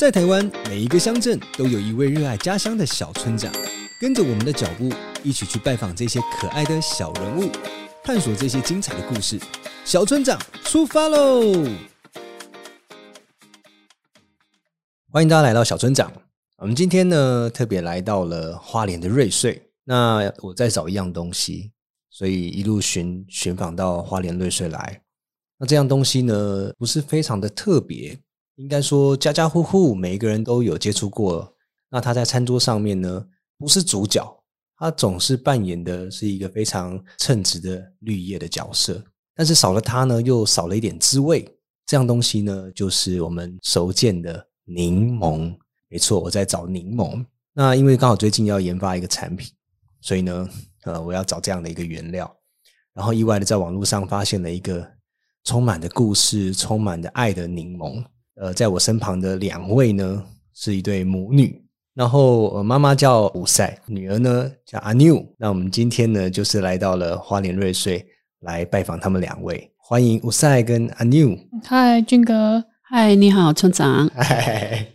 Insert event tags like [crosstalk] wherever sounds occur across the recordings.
在台灣，每一個鄉鎮都有一位熱愛家鄉的小村長。跟着我們的腳步，一起去拜訪這些可愛的小人物，探索這些精彩的故事。小村長出發嘍！歡迎大家來到小村長。我們今天呢，特別來到了花蓮的瑞穗。那我再找一樣東西，所以一路巡，巡訪到花蓮瑞穗來。那這樣東西呢，不是非常的特別。應該說，家家戶戶每一個人都有接觸過了。那他在餐桌上面呢，不是主角，他總是扮演的是一個非常稱職的綠葉的角色。但是少了他呢，又少了一點滋味。這樣東西呢，就是我們熟見的檸檬。沒錯，我在找檸檬。那因為剛好最近要研發一個產品，所以呢，呃，我要找這樣的一個原料。然後意外的在網絡上發現了一個充滿的故事、充滿的愛的檸檬。呃，在我身旁的兩位呢，是一對母女。然後，呃、媽媽叫舞賽，女兒呢叫阿妞。那我們今天呢，就是來到了花蓮瑞穗，來拜訪他們兩位。歡迎舞賽跟阿妞。嗨，俊哥，嗨，你好，村長。嗨，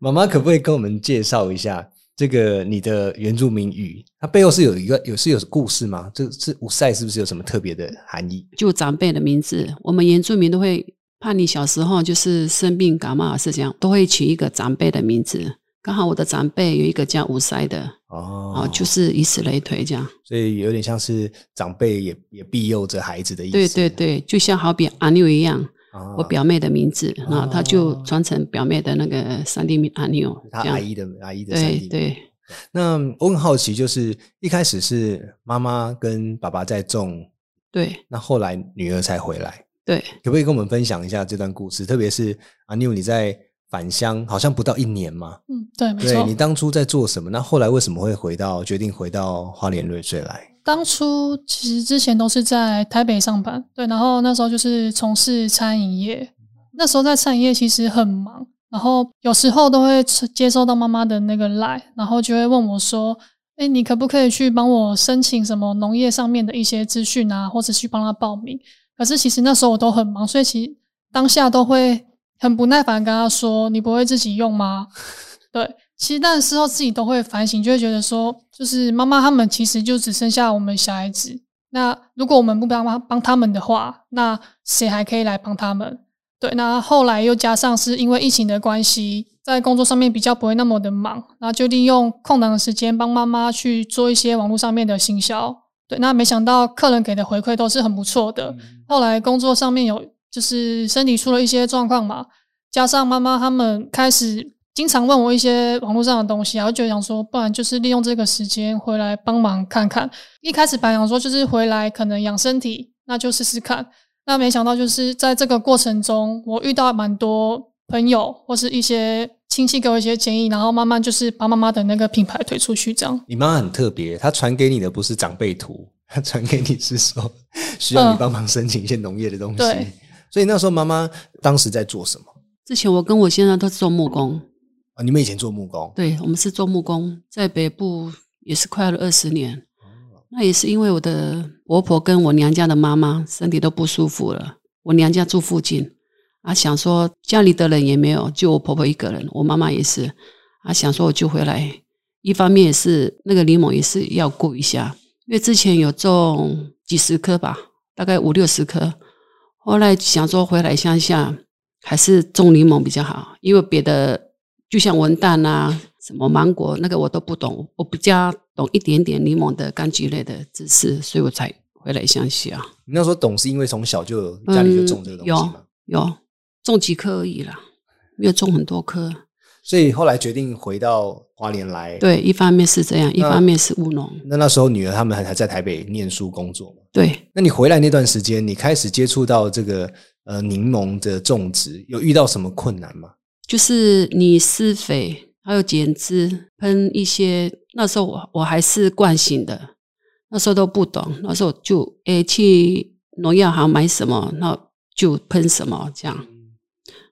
媽媽，可不可以跟我們介紹一下這個你的原住民語？它背後是有一個有是有故事嗎？這、就是舞賽，是不是有什麼特別的含義？就長輩的名字，我們原住民都會。怕你小時候就是生病感冒是這樣，都會取一個長輩的名字。剛好我的長輩有一個叫舞賽的，哦，啊、就是以此類推這樣。所以有點像是長輩也也庇佑着孩子的意思。對對對，就像好比阿妞一樣，啊、我表妹的名字，啊、然後他就傳承表妹的那個三 d 名阿妞，這阿姨的阿姨的。姨的對對。那我很好奇，就是一開始是媽媽跟爸爸在種，對，那後來女兒才回來。對，可不可以跟我們分享一下這段故事？特別是 Aniw，你在返鄉好像不到一年嘛？嗯，對，對沒錯，你當初在做什麼？那後來為什麼會回到決定回到花蓮瑞穗來？當初其實之前都是在台北上班，對，然後那時候就是從事餐飲業、嗯，那時候在餐飲業其實很忙，然後有時候都會接收到媽媽的那個 Line，然後就會問我說：“哎、欸，你可不可以去幫我申請什麼農業上面的一些資訊啊，或者去幫他報名？”可是其實那時候我都很忙，所以其實當下都會很不耐煩跟他說：“你不會自己用嗎？”對，其實那時候自己都會反省，就會覺得說，就是媽媽他們其實就只剩下我們小孩子。那如果我們不幫幫幫他們的話，那誰還可以來幫他們？對，那後來又加上是因為疫情的關係，在工作上面比較不會那麼的忙，然後就利用空檔的時間幫媽媽去做一些網絡上面的行銷。對，那沒想到客人給的回饋都是很不錯的。後來工作上面有就是身體出了一些狀況嘛，加上媽媽他們開始經常問我一些網絡上的東西啊，然後就想說，不然就是利用這個時間回來幫忙看看。一開始本來想說就是回來可能養身體，那就試試看。那沒想到就是在這個過程中，我遇到蠻多朋友或是一些。親戚給我一些建議，然後慢慢就是把媽媽的那個品牌推出去這樣。你媽媽很特別，她傳給你的不是長輩圖，她傳給你是說需要你幫忙申請一些農業的東西。呃，對，所以那時候媽媽當時在做什麼？之前我跟我先生都是做木工啊。你們以前做木工？對，我們是做木工，在北部也是快了二十年。那也是因為我的婆婆跟我娘家的媽媽身體都不舒服了，我娘家住附近。啊，想說家裡的人也沒有，就我婆婆一個人，我媽媽也是。啊，想說我就回來，一方面也是那個檸檬也是要顧一下，因為之前有種幾十棵吧，大概五六十棵。後來想說回來鄉下還是種檸檬比較好，因為別的就像文旦啊、什麼芒果那個我都不懂，我比較懂一點點檸檬的柑橘類的知識，所以我才回來鄉下、啊嗯。你要說懂是因為從小就家裡就種這個東西嗎？嗯、有。有種幾棵而已啦，沒有種很多棵，所以後來決定回到花蓮來。對，一方面是這樣，一方面是務農。那那那時候女兒他們還還在台北念書工作嘛？對。那你回來那段時間，你開始接觸到這個呃檸檬的種植，有遇到什麼困難嗎？就是你施肥，還有剪枝，噴一些。那時候我我還是慣性的，那時候都不懂，那時候就誒去農藥行買什麼，那就噴什麼這樣。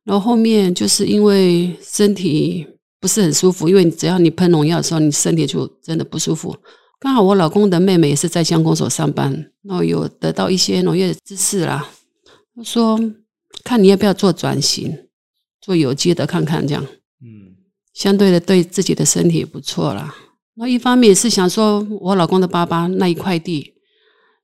然後後面就是因為身體不是很舒服，因為只要你噴農藥的時候，你身體就真的不舒服。剛好我老公的妹妹也是在鄉公所上班，然後有得到一些農業的知識啦，他說看你要不要做轉型，做有機的看看這樣。嗯，相對的對自己的身體也不錯啦，那一方面是想說，我老公的爸爸那一塊地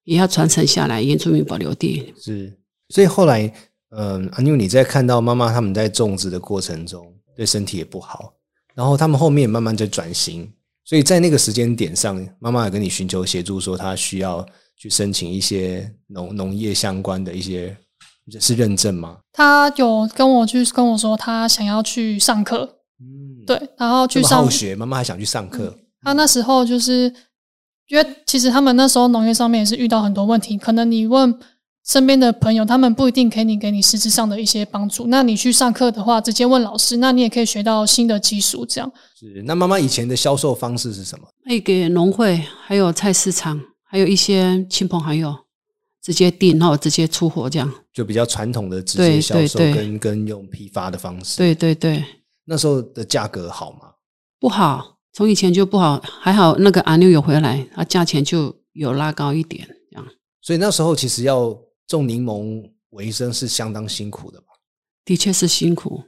也要傳承下來，原住民保留地。是，所以後來。嗯，因為你在看到媽媽他們在種植的過程中，對身體也不好，然後他們後面也慢慢在轉型，所以在那個時間點上，媽媽也跟你尋求協助，說他需要去申請一些農農業相關的一些，是認證嗎？他有跟我去跟我說，他想要去上課，嗯，對，然後去上學，媽媽還想去上課、嗯。他那時候就是，因為其實他們那時候農業上面也是遇到很多問題，可能你問。身邊的朋友，他們不一定可以給你實質上的一些幫助。那你去上課的話，直接問老師，那你也可以學到新的技術。這樣是。那媽媽以前的銷售方式是什麼？可以給農會，還有菜市場，還有一些親朋好友直接訂，然後直接出貨，這樣、嗯、就比較傳統的直接銷售跟，跟跟用批發的方式。對對對,對。那時候的價格好嗎？不好，從以前就不好，還好那個 Aniw 有回來，啊，價錢就有拉高一點。這樣。所以那時候其實要。種檸檬，為生是相當辛苦的吧？的確是辛苦。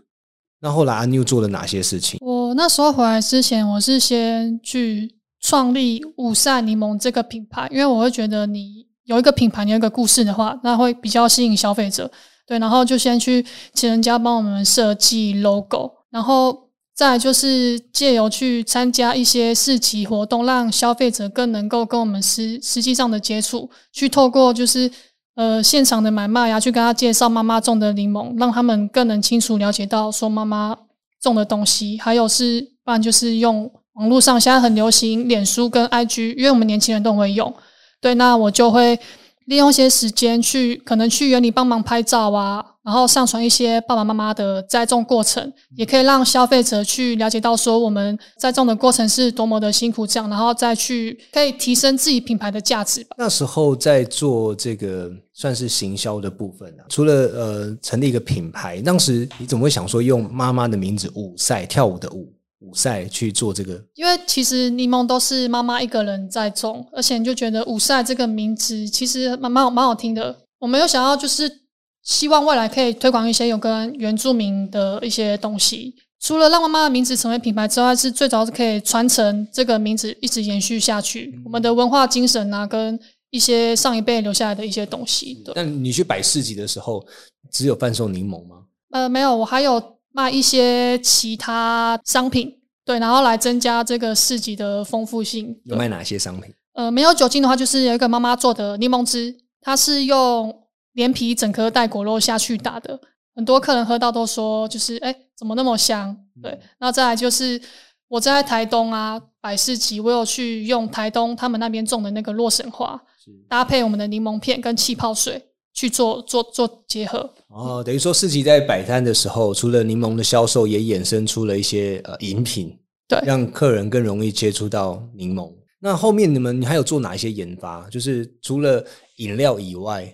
那後來 Aniw 做了哪些事情？我那時候回來之前，我是先去創立舞賽檸檬這個品牌，因為我會覺得你有一個品牌，有一個故事的話，那會比較吸引消費者。對，然後就先去請人家幫我們設計 logo，然後再就是借由去參加一些市集活動，讓消費者更能夠跟我們實實際上的接觸，去透過就是。呃，現場的買賣呀、啊，去跟他介紹媽媽種的檸檬，讓他們更能清楚了解到說媽媽種的東西。還有是，不然就是用網絡上現在很流行臉書跟 IG，因為我們年輕人都會用。對，那我就會利用一些時間去，可能去園裡幫忙拍照啊。然後上傳一些爸爸媽媽的栽種過程，也可以讓消費者去了解到說我們栽種的過程是多麼的辛苦，這樣，然後再去可以提升自己品牌的價值吧。那時候在做這個算是行銷的部分啊，除了呃成立一個品牌，當時你怎麼會想說用媽媽的名字舞賽，跳舞的舞，舞賽去做這個？因為其實檸檬都是媽媽一個人在種，而且你就覺得舞賽這個名字其實蠻蠻蠻好，蠻好聽的。我沒有想要就是。希望未來可以推廣一些有跟原住民的一些東西。除了讓媽媽的名字成為品牌之外，是最早是可以傳承這個名字一直延續下去，嗯。我們的文化精神啊，跟一些上一輩留下來的一些東西。對。但你去擺市集的時候，只有販售檸檬嗎？呃，沒有，我還有賣一些其他商品，對，然後來增加這個市集的豐富性。有賣哪些商品？呃，沒有酒精的話，就是有一個媽媽做的檸檬汁，它是用。連皮整顆帶果肉下去打的，很多客人喝到都說就是哎、欸，怎麼那麼香？對，那再來就是我在台東啊，百事吉，我有去用台東他們那邊種的那個洛神花，搭配我們的檸檬片跟氣泡水去做做做，做結合。哦，等於說市集在擺攤的時候，除了檸檬的銷售，也衍生出了一些呃飲品，對，讓客人更容易接觸到檸檬。那後面你們還有做哪一些研發？就是除了飲料以外。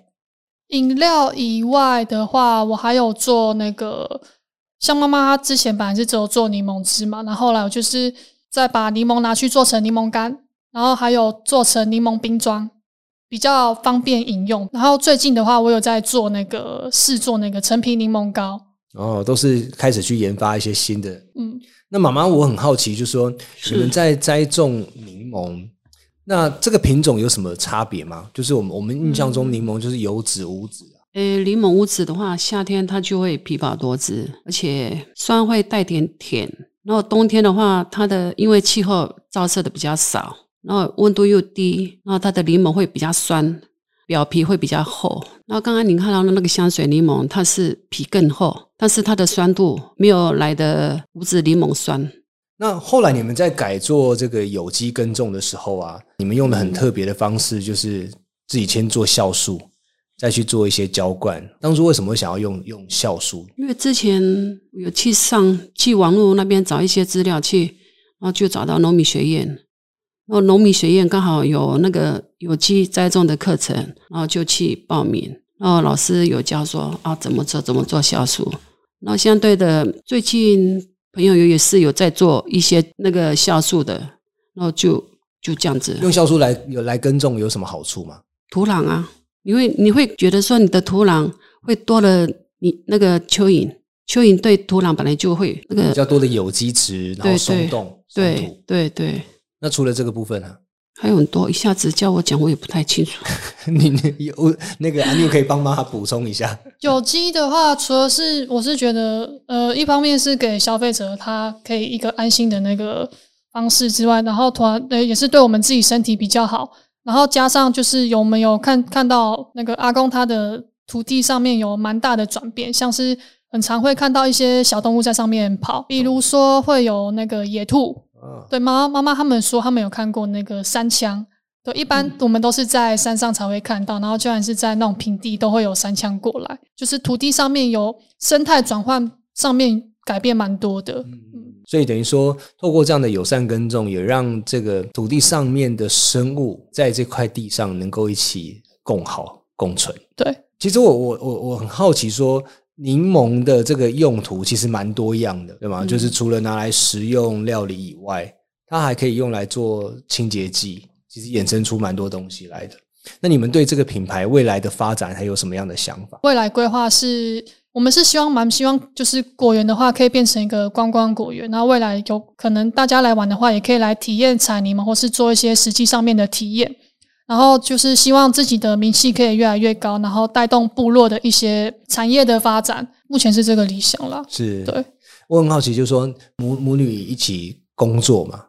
飲料以外的話，我還有做那個，像媽媽她之前本來是只有做檸檬汁嘛，然後來我就是再把檸檬拿去做成檸檬乾，然後還有做成檸檬冰磚，比較方便飲用。然後最近的話，我有在做那個試做那個陳皮檸檬膏。哦，都是開始去研發一些新的。嗯，那媽媽我很好奇就，就是說你們在栽種檸檬。那這個品種有什麼差別嗎？就是我們我們印象中檸檬就是有籽無籽啊。誒、嗯欸，檸檬無籽的話，夏天它就會皮薄多汁，而且酸會帶點甜。然後冬天的話，它的因為氣候照射的比較少，然後溫度又低，然後它的檸檬會比較酸，表皮會比較厚。然後剛剛你看到的那個香水檸檬，它是皮更厚，但是它的酸度沒有來的無籽檸檬酸。那後來你們在改做這個有機耕種的時候啊，你們用的很特別的方式，就是自己先做酵素，再去做一些澆灌。當初為什麼想要用用酵素？因為之前有去上去網絡那邊找一些資料去，然後就找到農民學院，然後農民學院剛好有那個有機栽種的課程，然後就去報名。然後老師有教說啊怎麼做怎麼做酵素。那相對的最近。朋友有也是有在做一些那個酵素的，然後就就這樣子用酵素來，有，來耕種有什麼好處嗎？土壤啊，因為你會覺得說你的土壤會多了你那個蚯蚓，蚯蚓對土壤本來就會那個比較多的有機質，然後鬆動，對對對，鬆土，對對對。那除了這個部分呢、啊？還有很多，一下子叫我講，我也不太清楚。 [laughs] 你你有那個 Aniw 可以幫幫他補充一下。有機的話，除了是我是覺得，呃，一方面是給消費者他可以一個安心的那個方式之外，然後团呃，也是對我們自己身體比較好。然後加上就是有沒有看看到那個阿公他的土地上面有蠻大的轉變，像是很常會看到一些小動物在上面跑，比如說會有那個野兔。對媽媽，媽他們說他們有看過那個山羌對，一般我們都是在山上才會看到，然後居然是在那種平地都會有山羌過來，就是土地上面有生態轉換，上面改變蠻多的、嗯。所以等於說透過這樣的友善耕種，也讓這個土地上面的生物在這塊地上能夠一起共好共存。對，其實我我我我很好奇說。檸檬的這個用途其實蠻多樣的，對嗎？嗯、就是除了拿來食用料理以外，它還可以用來做清潔劑，其實衍生出蠻多東西來的。那你們對這個品牌未來的發展還有什麼樣的想法？未來規劃是我們是希望蠻希望，就是果園的話可以變成一個觀光果園，那未來有可能大家來玩的話，也可以來體驗採檸檬，或是做一些實際上面的體驗。然後就是希望自己的名氣可以越來越高，然後帶動部落的一些產業的發展。目前是這個理想了。是對，我很好奇就是，就說母母女一起工作嘛，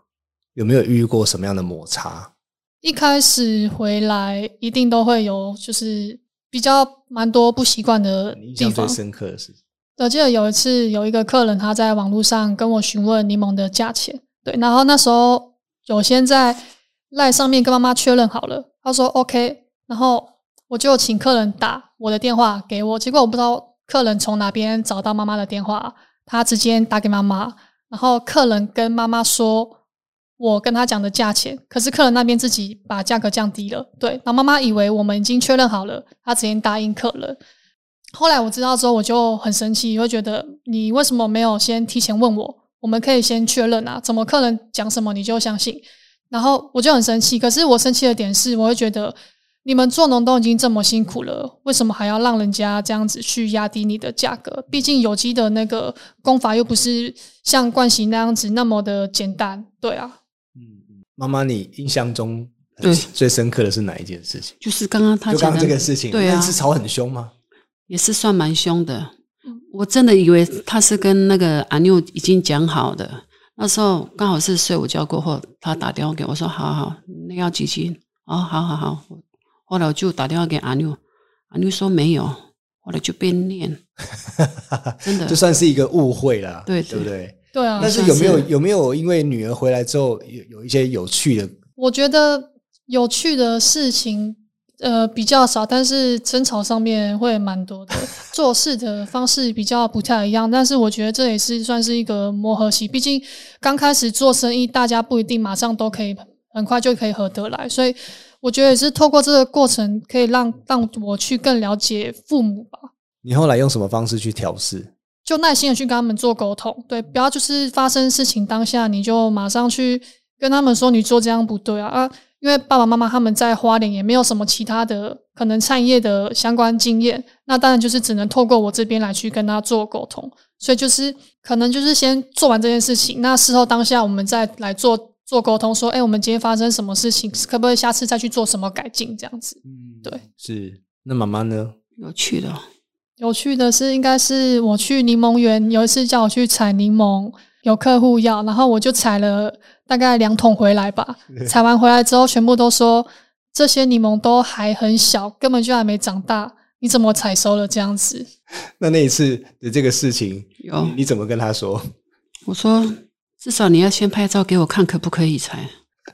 有沒有遇過什麼樣的摩擦？一開始回來一定都會有，就是比較蠻多不習慣的地方。印象最深刻的事情，我記得有一次有一個客人他在網絡上跟我詢問檸檬的價錢，對，然後那時候有先在。LINE 上面跟媽媽確認好了，她說 OK，然後我就請客人打我的電話給我，結果我不知道客人從哪邊找到媽媽的電話，他直接打給媽媽，然後客人跟媽媽說我跟他講的價錢，可是客人那邊自己把價格降低了，對，然後媽媽以為我們已經確認好了，她直接答應客人。後來我知道之後，我就很生氣，會覺得你為什麼沒有先提前問我，我們可以先確認啊，怎麼客人講什麼你就相信？然後我就很生氣，可是我生氣的點是，我會覺得你們做農都已經這麼辛苦了，為什麼還要讓人家這樣子去壓低你的價格？畢竟有機的那個功法又不是像慣行那樣子那麼的簡單，對啊。嗯嗯，媽媽，你印象中最最深刻的是哪一件事情？就是剛剛他講的剛剛這個事情，對啊，是吵很凶嗎？也是算蠻凶的，我真的以為他是跟那個阿妞已經講好的。那時候剛好是睡午覺過後，他打電話給我說：“好好，那要幾斤？”哦，好好好。後來我就打電話給阿妞，阿妞說沒有。後來就變臉，真的， [laughs] 就算是一個誤會了，對對，對，對不對？對啊。但是有沒有是是有沒有因為女兒回來之後有有一些有趣的？我覺得有趣的事情。呃，比較少，但是爭吵上面會蠻多的。做事的方式比較不太一樣， [laughs] 但是我覺得這也是算是一個磨合期。畢竟剛開始做生意，大家不一定馬上都可以很快就可以合得來，所以我覺得也是透過這個過程，可以讓讓我去更了解父母吧。你後來用什麼方式去調適？就耐心的去跟他們做溝通，對，不要就是發生事情當下你就馬上去跟他們說，你做這樣不對啊啊。因為爸爸媽媽他們在花蓮也沒有什麼其他的可能創業的相關經驗，那當然就是只能透過我這邊來去跟他做溝通，所以就是可能就是先做完這件事情，那事後當下我們再來做做溝通，說，哎、欸，我們今天發生什麼事情，可不可以下次再去做什麼改進這樣子，嗯？對，是。那媽媽呢？有趣的、哦。有趣的是，應該是我去檸檬園有一次叫我去採檸檬，有客戶要，然後我就採了大概兩桶回來吧。採完回來之後，全部都說這些檸檬都還很小，根本就還沒長大，你怎麼採收了這樣子？那那一次的這個事情，嗯、你怎麼跟他說？我說至少你要先拍照給我看，可不可以採？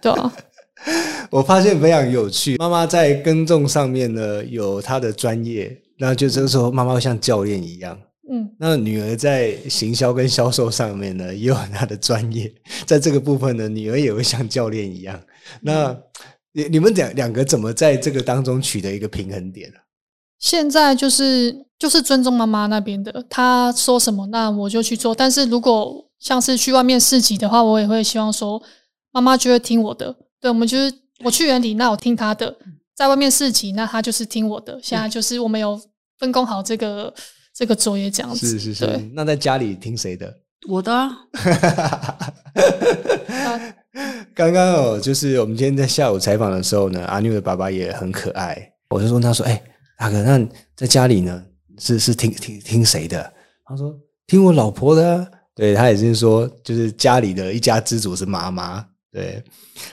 對啊， [laughs] 我發現非常有趣。媽媽在耕種上面呢，有她的專業。那就這個時候，媽媽會像教練一樣。嗯，那女兒在行銷跟銷售上面呢，也有她的專業，在這個部分呢，女兒也會像教練一樣。那你你們兩兩個怎麼在這個當中取得一個平衡點啊？現在就是就是尊重媽媽那邊的，她說什麼，那我就去做。但是如果像是去外面市集的話，我也會希望說，媽媽就會聽我的。對，我們就是我去園裡，那我聽她的；在外面市集，那她就是聽我的。現在就是我們有。分工好，這個這個作業這樣子，是是是，那在家裡聽誰的？我的啊。剛剛哦，就是我們今天在下午採訪的時候呢，阿妞的爸爸也很可愛。我就問他說：“哎、欸，大哥，那在家裡呢，是是聽聽聽誰的？”他說：“聽我老婆的啊。”對，他也是說，就是家裡的一家之主是媽媽。對，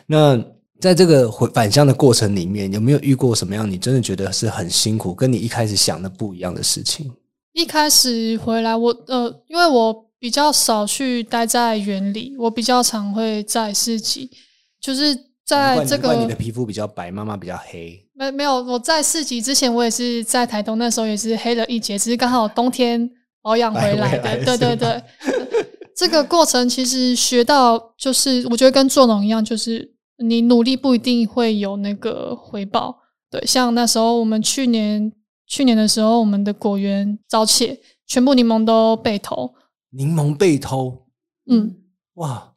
那。在這個回返鄉的過程裡面，有沒有遇過什麼樣你真的覺得是很辛苦，跟你一開始想的不一樣的事情？一開始回來，我呃，因為我比較少去待在園裡，我比較常會在市集，就是在這個。你的皮膚比較白，媽媽比較黑。沒沒有，我在市集之前，我也是在台東，那時候也是黑了一截，只是剛好冬天保養回來的，來的。對對對， [laughs] 這個過程其實學到，就是我覺得跟做農一樣，就是。你努力不一定會有那個回報，對，像那時候我們去年，去年的時候，我們的果園遭竊，全部檸檬都被偷，檸檬被偷，嗯，哇，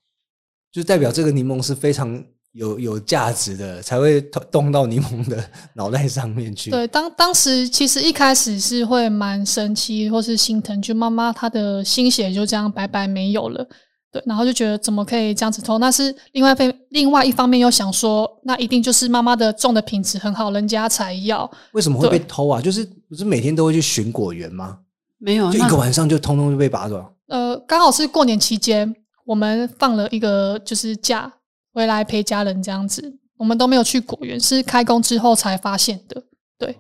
就代表這個檸檬是非常有有價值的，才會動到檸檬的腦袋上面去。對，當當時其實一開始是會蠻生氣，或是心疼，就媽媽她的心血就這樣白白沒有了。對，然後就覺得怎麼可以這樣子偷？那是另外另外一方面又想說，那一定就是媽媽的種的品質很好，人家才要。為什麼會被偷啊？就是不是每天都會去巡果園嗎？沒有，就一個晚上就通通就被拔走。呃，剛好是過年期間，我們放了一個就是假回來陪家人這樣子，我們都沒有去果園，是開工之後才發現的。對，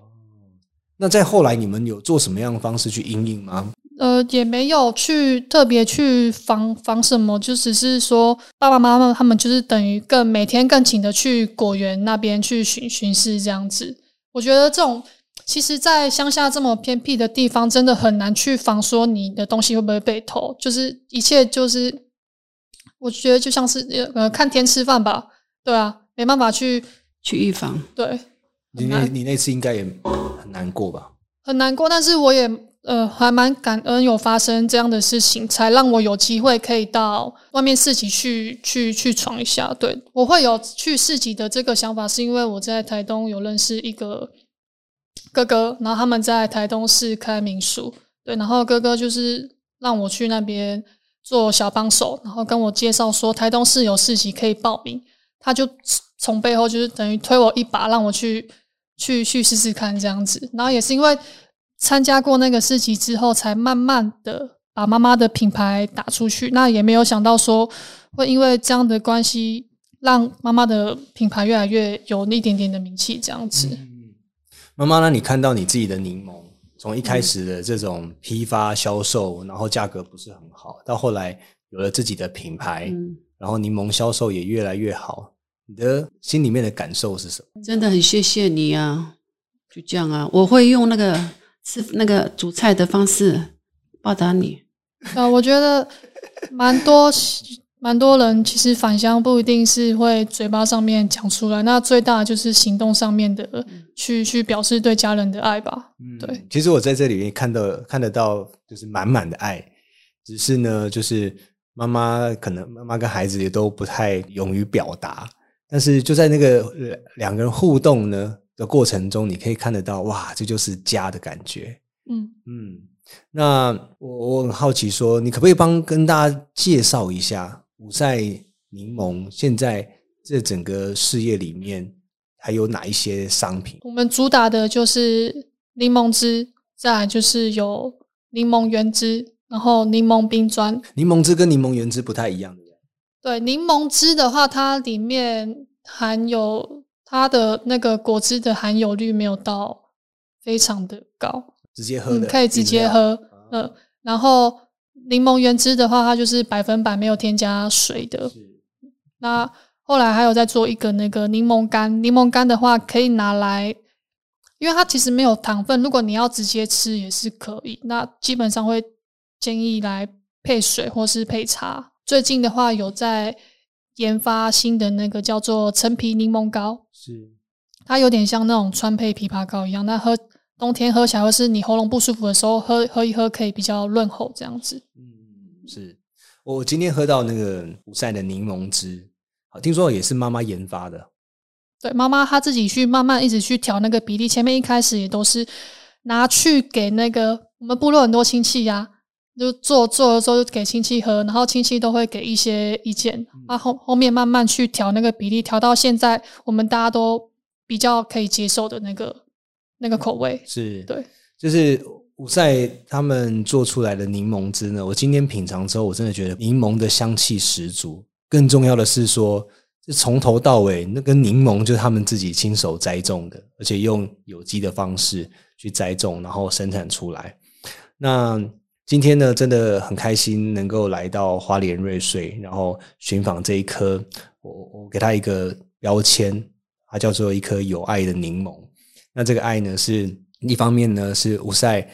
那在後來你們有做什麼樣的方式去因應嗎？呃，也沒有去特別去防防什麼，就只是說爸爸媽媽他們就是等於更每天更勤的去果園那邊去巡巡視這樣子。我覺得這種其實，在鄉下這麼偏僻的地方，真的很難去防說你的東西會不會被偷，就是一切就是我覺得就像是呃看天吃飯吧，對啊，沒辦法去去預防。對，你那你那次應該也很難過吧？很難過，但是我也。呃，還蠻感恩有發生這樣的事情，才讓我有機會可以到外面市集去去去闖一下。對，我會有去市集的這個想法，是因為我在台東有認識一個哥哥，然後他們在台東市開民宿，對，然後哥哥就是讓我去那邊做小幫手，然後跟我介紹說台東市有市集可以報名，他就從背後就是等於推我一把，讓我去去去試試看這樣子。然後也是因為。參加過那個市集之後，才慢慢的把媽媽的品牌打出去。那也沒有想到說會因為這樣的關係，讓媽媽的品牌越來越有那一點點的名氣。這樣子，嗯，媽媽，那你看到你自己的檸檬，從一開始的這種批發銷售，然後價格不是很好，到後來有了自己的品牌，然後檸檬銷售也越來越好。你的心裡面的感受是什麼？真的很謝謝你啊！就這樣啊，我會用那個。是那個煮菜的方式報答你啊，我覺得蠻多蠻多人其實返鄉不一定是會嘴巴上面講出來，那最大就是行動上面的去去表示對家人的愛吧。嗯，對，其實我在這裡面看到看得到就是滿滿的愛，只是呢，就是媽媽可能媽媽跟孩子也都不太勇於表達，但是就在那個兩個人互動呢。的過程中，你可以看得到，哇，這就是家的感覺。嗯嗯，那我我很好奇說，說你可不可以幫跟大家介紹一下舞賽檸檬現在這整個事業裡面還有哪一些商品？我們主打的就是檸檬汁，再來就是有檸檬原汁，然後檸檬冰磚。檸檬汁跟檸檬原汁不太一樣，樣對，檸檬汁的話，它裡面含有。它的那個果汁的含有率沒有到非常的高，直接喝，嗯，可以直接喝。嗯，然後檸檬原汁的話，它就是百分百沒有添加水的。那後來還有在做一個那個檸檬乾，檸檬乾的話可以拿來，因為它其實沒有糖分，如果你要直接吃也是可以。那基本上會建議來配水或是配茶。最近的話有在。研發新的那個叫做陳皮檸檬膏，是它有點像那種川貝枇杷膏一樣。那喝冬天喝起來，或是你喉嚨不舒服的時候喝喝一喝，可以比較潤喉這樣子。嗯，是我今天喝到那個舞賽的檸檬汁，好，聽說也是媽媽研發的。對，媽媽她自己去慢慢一直去調那個比例，前面一開始也都是拿去給那個我們部落很多親戚呀、啊。就做做的時候就給親戚喝，然後親戚都會給一些意見。那、啊、後後面慢慢去調那個比例，調到現在我們大家都比較可以接受的那個那個口味。嗯、是對，就是舞賽他們做出來的檸檬汁呢，我今天品嘗之後，我真的覺得檸檬的香氣十足。更重要的是說，就從頭到尾那個檸檬就是他們自己親手栽種的，而且用有機的方式去栽種，然後生產出來。那今天呢，真的很開心能夠來到花蓮瑞穗，然後尋訪這一顆，我我給他一個標籤，它叫做一顆有愛的檸檬。那這個愛呢，是一方面呢是舞賽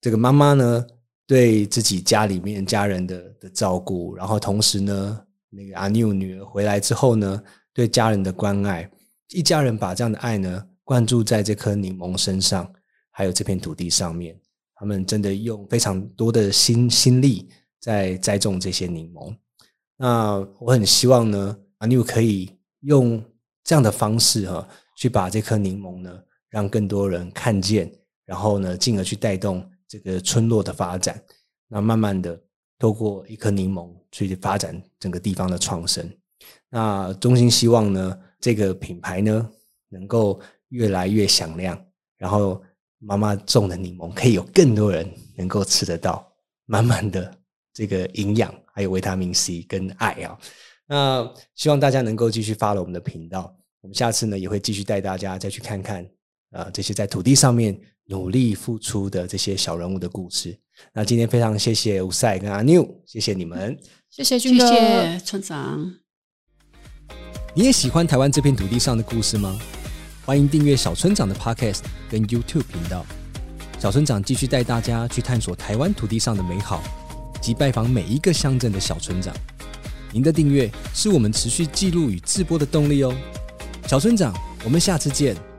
這個媽媽呢對自己家裡面家人的的照顧，然後同時呢那個阿妞女兒回來之後呢對家人的關愛，一家人把這樣的愛呢灌注在這顆檸檬身上，還有這片土地上面。他們真的用非常多的心心力，在栽種這些檸檬。那我很希望呢，Aniw 可以用這樣的方式哈、啊，去把這顆檸檬呢，讓更多人看見，然後呢，進而去帶動這個村落的發展。那慢慢的，透過一顆檸檬去發展整個地方的創生。那衷心希望呢，這個品牌呢，能夠越來越響亮，然後。媽媽種的檸檬，可以有更多人能夠吃得到滿滿的這個營養，還有維他命 C 跟愛啊！那希望大家能夠繼續 follow 我們的頻道，我們下次呢也會繼續帶大家再去看看啊、呃、這些在土地上面努力付出的這些小人物的故事。那今天非常謝謝吳賽跟阿 new，謝謝你們，嗯、謝謝俊哥，謝謝村長，你也喜歡台灣這片土地上的故事嗎？歡迎訂閱小村長的 Podcast 跟 YouTube 頻道。小村長繼續帶大家去探索台灣土地上的美好，及拜訪每一個鄉鎮的小村長。您的訂閱是我們持續記錄與製播的動力哦。小村長，我們下次見。